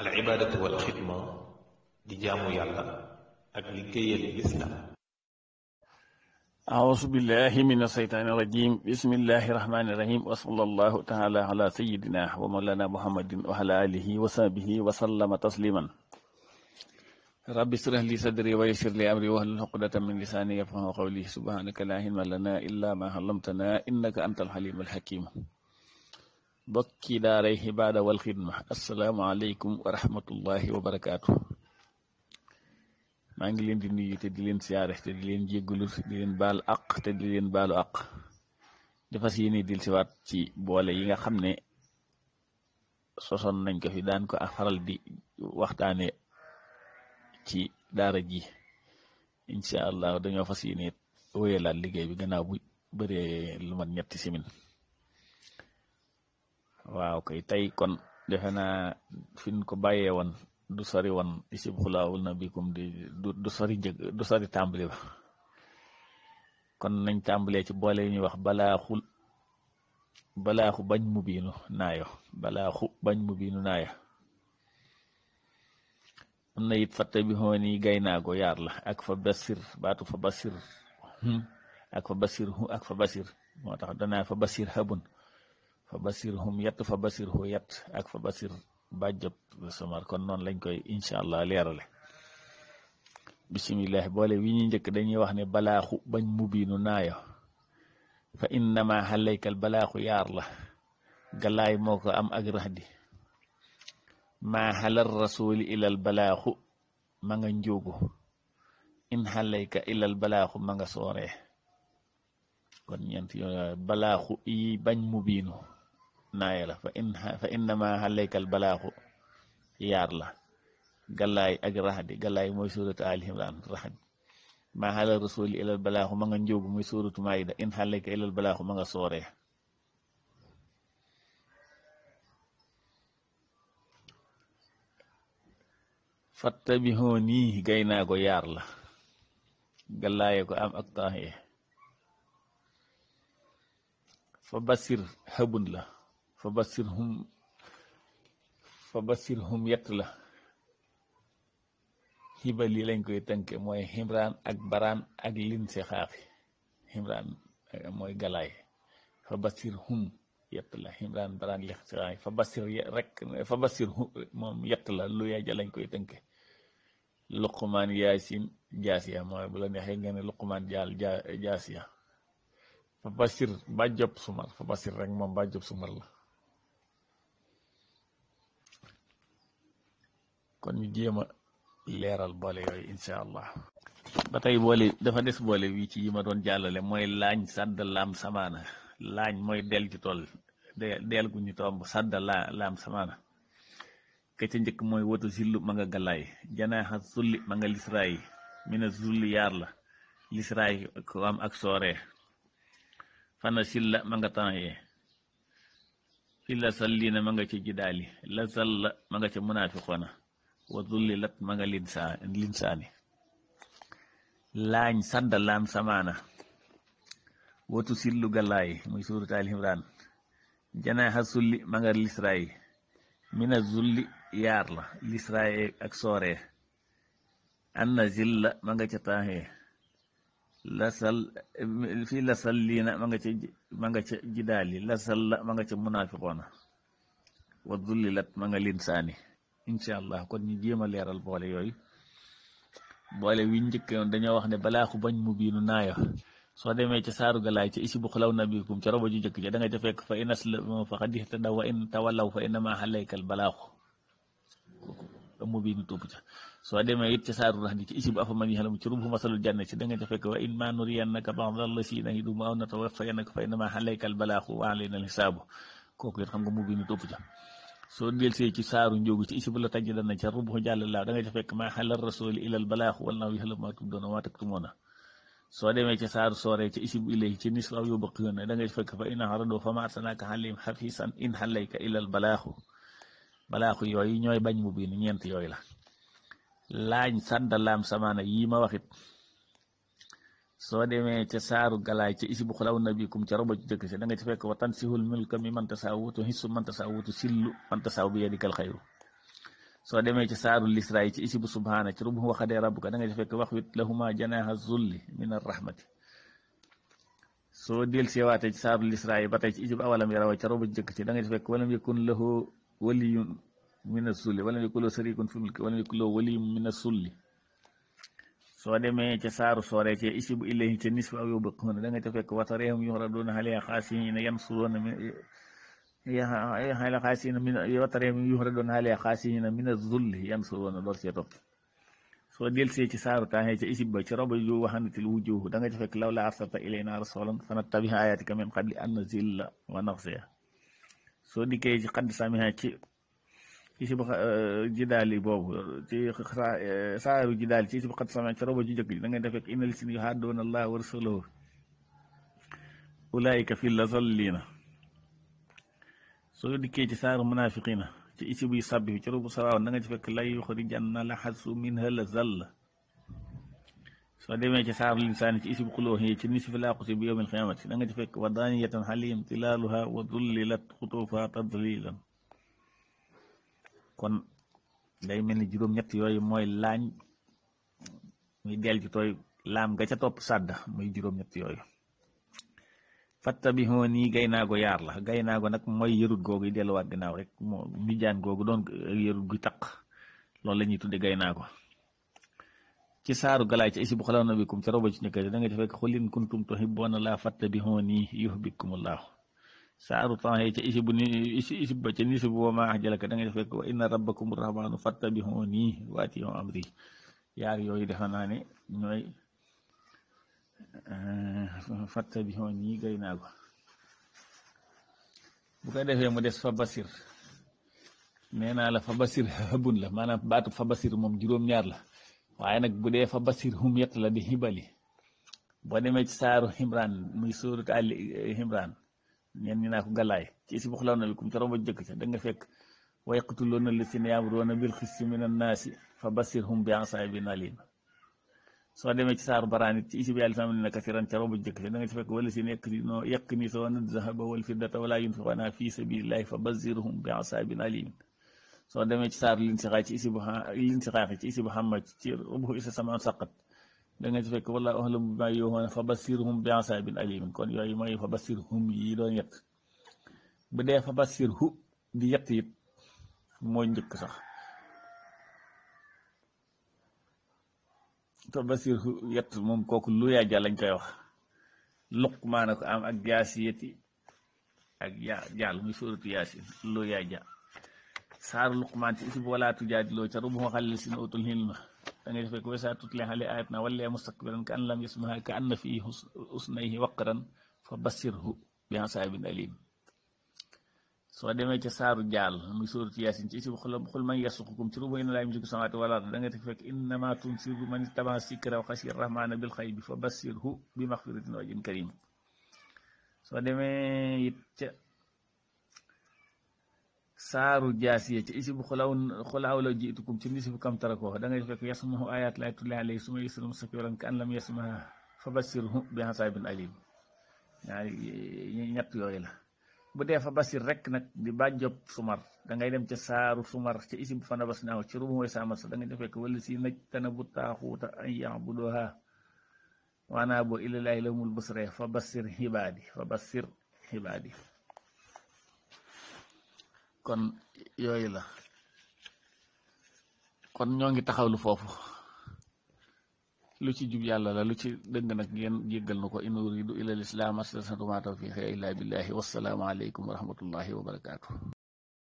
al ibaadatu wal xidma di jaamu yàlla ak liggéeyal lislaam aousu billahi min aseytaani irajim bismillahi rahmaani irahim wa sallallahu taala ala sayidina wa mawlana muhammadin wa ala alihi wa sahbihi wa sallama tasliman rabbi israh li sadri wa yassir li amri wahlul uqdatan min lisaani yafqahu qawli subhanaka laa ilma lana illa ma allamtana innaka anta alxalim alxakim bokki daaray xibaada wal xidma asalaamaaleykum wa rahmatullahi wa barakaatu maa ngi leen di nuyu te di leen siyaare te di leen jéggalu di leen baalu àq te di leen baalu àq dafa si yéene dil siwaat ci boole yi nga xam ne sosoon nañ ko fi daan ko ak faral di waxtaane ci daara ji incha allah dañoo fas yéene wéyalaat liggéey bi gannaaw bu bëree lu mat ñetti simin waaw kay tey kon defe naa fin ko bàyyee woon du sori woon isib xulaawul na bikum di du sori jëg du sori tàmbali ba kon nañ tàmbalee ci boole yu ñuy wax balaaxul balaaxu bañ mu biinu naayo balaaxu bañ mu biinu naayo am na it fatte bi xoo nii ko yaar la ak fa basir baatu fa basir hmm, ak fa basir hu ak fa basir moo tax danaa fa basir xabun fa basir hum yett fa basir hu yett ak fa basir bàjjab samar kon noonu lañ koy incha allah leerale bisimilah boole wi ñuy njëkk dañuy wax ne balaaxu bañ mubiinu naayo fa innama xalaykal balaaxu yaar la galay moo ko am ak raxdi maa xalal rasuli ilal balaaxu ma nga njuugu in xalayka ilal balaaxu ma nga sooree kon ñeent balaaxu yi bañ mubiinu naaye la fa in fa innama xaleykal balaaxu yaar la galaay ak raxdi galaay mooy suuratu ali imran raxdi maa xala rasuli ilal balaaxu ma nga njóobu muy suuratu maayida in xaleyka ilal balaaxu ma nga sooree fattabihooni gay naa ko yaar la galaaye ko am ak taaxee fa basir xabun la fa basir hum fa basir hum la xibal yi lañ koy tënke mooy ximraan ak baraan ak lin si mooy galaay fa basir hum yett la baraan li fa basir rek moom lañ koy tënke luqmaan yaasin jaasiya mooy bu la neexee luqmaan jaal jaasiya fa basir ba job sumar fa basir rek moom ba job sumar la kon ñu jéem a leeral boole yooyu incha allah ba tey boole dafa des boole wi ci yi ma doon jàllale mooy laañ sàdd laam samaana laañ mooy del ji tool del gu ñu tomb sàdd laa laam samaana ka njëkk mooy watu zillu ma nga galaay janaaxa zulli ma nga lisraay mina zulli yaar la lisraay ko am ak sooree fana silla ma nga tanyee illa sallina ma nga ci ca jidaali la salla ma nga ca munaafiqoona wa dullilat ma nga linsaan linsaani laañ sadda laam samaana watu sillu galaay muy suurat al imran janaaxa sulli ma nga lisraay mina zulli yaar la lisraay ak sooree anna zilla ma nga ca taaxee lasal fii lasal liina ma nga ca ma nga ca jidaali lasal la ma nga ca munaafiqoona wa dullilat ma nga linsaani incha allah kon ñu jéem a leeral boole yooyu boole wi njëkk yoon dañoo wax ne balaaxu bañ mu biinu naayo soo demee ca saaru galaay ca isi bu xulaw na bikum ca roba ju njëkk ja da nga ca fekk fa inas la fa xadixta daw wa in tawallaw fa innama xalaykal balaaxu mu biinu tuub ca soo demee it ca saaru rax di ci isi bu afa man yaxlamu ci rubu masalul janna ci da nga ca fekk wa in ma xa ba'dal lasi nahidumu balaaxu wa alayna al xisaabu kooku it xam nga mu biinu tuub ca soo delsee ci saaru njóogu ci isib la tàjj dana ca rubu jàll laaw da nga ca fekk maa xalal rasul ilal balaaxu wala naa yàlla maa tubdoona waa taktumoona soo demee ca saaru sooree ca isib ilay ci nis aw yóbbu xiyoon da ngay fekk fa ina xaradoo fa ma arsalnaaka xalim xafisan in xalayka ilal balaaxu balaaxu yooyu ñooy bañ mu biin ñeent yooyu la laañ sàndalaam samaana yii ma waxit soo demee ca saaru galaay ca isi bu xulaw nabikum ca roba ci jëkk si da nga ci fekk wa tansihul mulka mi man tasaa wutu hissu man tasaa wutu sillu man tasaa bi yadikal xayru soo demee ci saaru lisra yi ci isi bu subhaana ci rubu waxadee rabbuka da nga ci fekk wax wit lahuma janaaha zulli min arrahmati soo del seewaatee ci saaru lisra yi ba tey ci isi bu awalam yarawa ca roba ci jëkk si da nga ci fekk walam yakun lahu waliyun min asulli walam yakun lahu sarikun fi mulki walam yakun lahu waliyun min asulli so demee ca saaru sooree ca isibu ilayhi ca nisfu aw yubqiuna da nga ca fekk watareehum yuxraduuna xale xaasina yansuruuna xale xaasina min watareehum yuxraduuna xale xaasina min azulli yansuruuna door cee topp soo delsee ci saaru taaxee ca isib ba ci roba ju waxantil wujuhu da nga ca fekk law la arsalta ilayna rasulan fanattabi'a ayatika min qabli an nazilla wa naxsiya soo dikkee ci xadd samiha ci ci sib euh, jidaali boobu ci euh, saaru jidaali ci sib xat sama ca roba ju jëkk ji da ngay defek inna lisin yu xaddoona allah wa rasulahu ulaayika fi la zallina soo dikkee ci saaru munafiqina ci isib yu sàbbi fi ca robu saraawan da nga ci fekk la yuxrijanna la xasu min hala zall soo demee ci saaru linsaani ci isib xulóox yi ci nisfi laaqusi bi yowmil xiyaamati da nga ci fekk wa daaniyatan xalim tilaaluha wa dullilat xutuufa tadlilan kon day mel ni juróom-ñett yooyu mooy laañ muy del ci tooy laam nga ca topp sàdd muy juróom-ñett yooyu fattabihu nii gaynaago yaar la gaynaago nag mooy yërut googu yi delluwaat ginnaaw rek moo mijaan googu doon yërut gu taq loolu la ñuy tudde gaynaago ci saaru galaay ci isib xalaw na bikum ca roba ci njëkkati da nga ci fekk xulin kuntum tuhibbuna laa fattabihu nii yuhbibkumullahu saaru temps ca isib ni isib ba ca nisib wa maa ajalaka da ngay fekk wa inna rabbakum rahmaanu fattabi'uni wa atiu amri yaar yooyu defe naa ne ñooy eh, fattabi'uni gay naa ko bu ko defee mu des fa basir nee naa la fa basir habun la maanaam baatu fa basir moom juróom-ñaar la waaye nag bu dee fa basir hum yett la di xibali boo demee ci saaru ximraan muy suurat al ximraan ñeen ñi naa ko gàllaay ci si buxlaaw na lakum ca romba jëkk ca da nga fekk wa yaqtuluuna llazina ya'muruuna bil qisti min annaasi fa bassirhum bi azaabin aliim soo demee ci saaru baraan it ci isi bi àllisaam ne na kasiran ca romba jëkk ca da nga ci fekk wala si nekk no yaknisuuna zahaba wal fiddata wala yunfiquunaha fi sabilillahi fa bassirhum bi azaabin aliim soo demee ci saaru linsixaa ci isi bu linsixaa ci isi bu xamma ci rubu isa samaan saqat danga ngay fekk wallaahu a'lamu bimaa yuu'uuna fa bassirhum bi azaabin aliim kon yooyu mooy fa bassirhum yi doon yett bu dee fa bassirhu di yett it njëkk sax fa bassirhu yett moom kooku lu yaaja lañ koy wax luqmaana ko am ak jaasiyati ak jaa jaal muy suuratu yaasin lu yaaja saaru luqmaan ci isib walaatu jaadiloo ca rubu xalil sin utul hilma dangay def rek wa izaa tutlaa alayhi aayaatunaa wallaa mustakbiran ka lam yasmahaa ka anna fii waqran fa bassirhu bi azaabin aliim soo demee ca saaru jaal muy sóoratu yaasin ci isib xul man yarzuqukum ci ruba laa yamliku samawaati wal ard da nga teg fekk innamaa tunziru man ittaba'a zikra wa xashiya rahmaana bil xaybi fa bassirhu bi maxfiratin wa ajrin kariim soo demee it saaru jaasiya ci isi bu xulaw xulaaw la jiitukum ci nisi bu kam tarako da ngay fekk yasmahu ayat lay tulli alay su ma yusrum sakiran ka an lam yasmaha fa basirhu bi hasabin alim ñaari ñett la bu dee fa basir rek nag di bàjjob sumar da ngay dem ca saaru sumar ca isi fana bas naaw ci ruum mooy saamat sa da ngay fekk wala si naj tana bu taaxuuta an yaabuduha waanaa boo illalaahi lahumul busra fa basir xibaadi fa basir xibaadi kon yooyu la kon ñoo ngi taxawlu foofu lu ci jub yàlla la lu ci dëgg nag ngeen jéggal na ko in uridu ila l islaam astatuma tawfiqi illa billahi wassalaamu aleykum wa rahmatullahi wa barakaatu